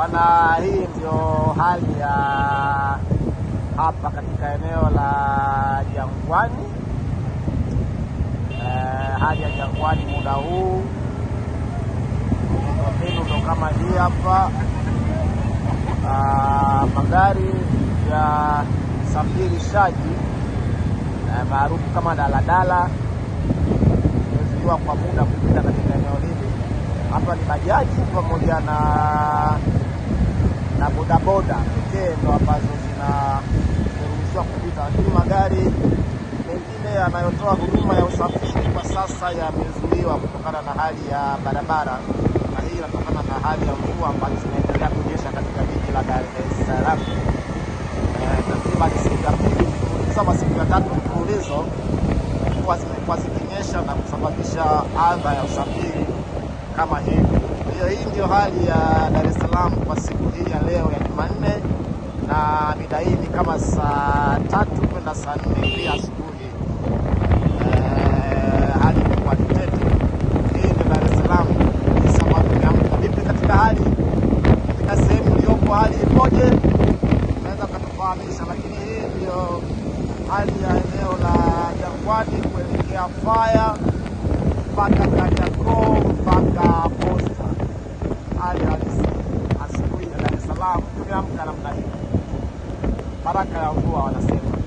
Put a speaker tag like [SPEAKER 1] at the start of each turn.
[SPEAKER 1] Bwana, hii ndio hali ya hapa katika eneo la Jangwani. Eh, hali ya Jangwani muda huu, miundombinu ndo kama hii hapa. Ah, magari ya usafirishaji eh, maarufu kama daladala imezuiwa kwa muda kupita katika eneo hili. Hapa ni bajaji pamoja na bodaboda pekee ndo ambazo zinaruhusiwa kupita, lakini magari mengine yanayotoa huduma ya usafiri kwa sasa yamezuiwa kutokana na hali ya barabara, na hii inatokana na hali ya mvua ambazo zinaendelea kunyesha katika jiji la Dar es Salaam takriban eh, siku ya pili mfululizo ama siku ya tatu mfululizo kuwa zimekuwa zikinyesha na kusababisha adha ya usafiri kama hivi. hiyo hii ndio hali ya Dar es Salaam ni kama saa tatu kwenda saa nne hivi asubuhi eh, hadi kwa hii ni Dar es Salaam sababu niamka vipi katika hali katika sehemu iliyopo hali ikoje, unaweza ukatufahamisha, lakini hii ndio hali ya eneo la Jangwani kuelekea Faya mpaka Kariakoo mpaka para acá o João na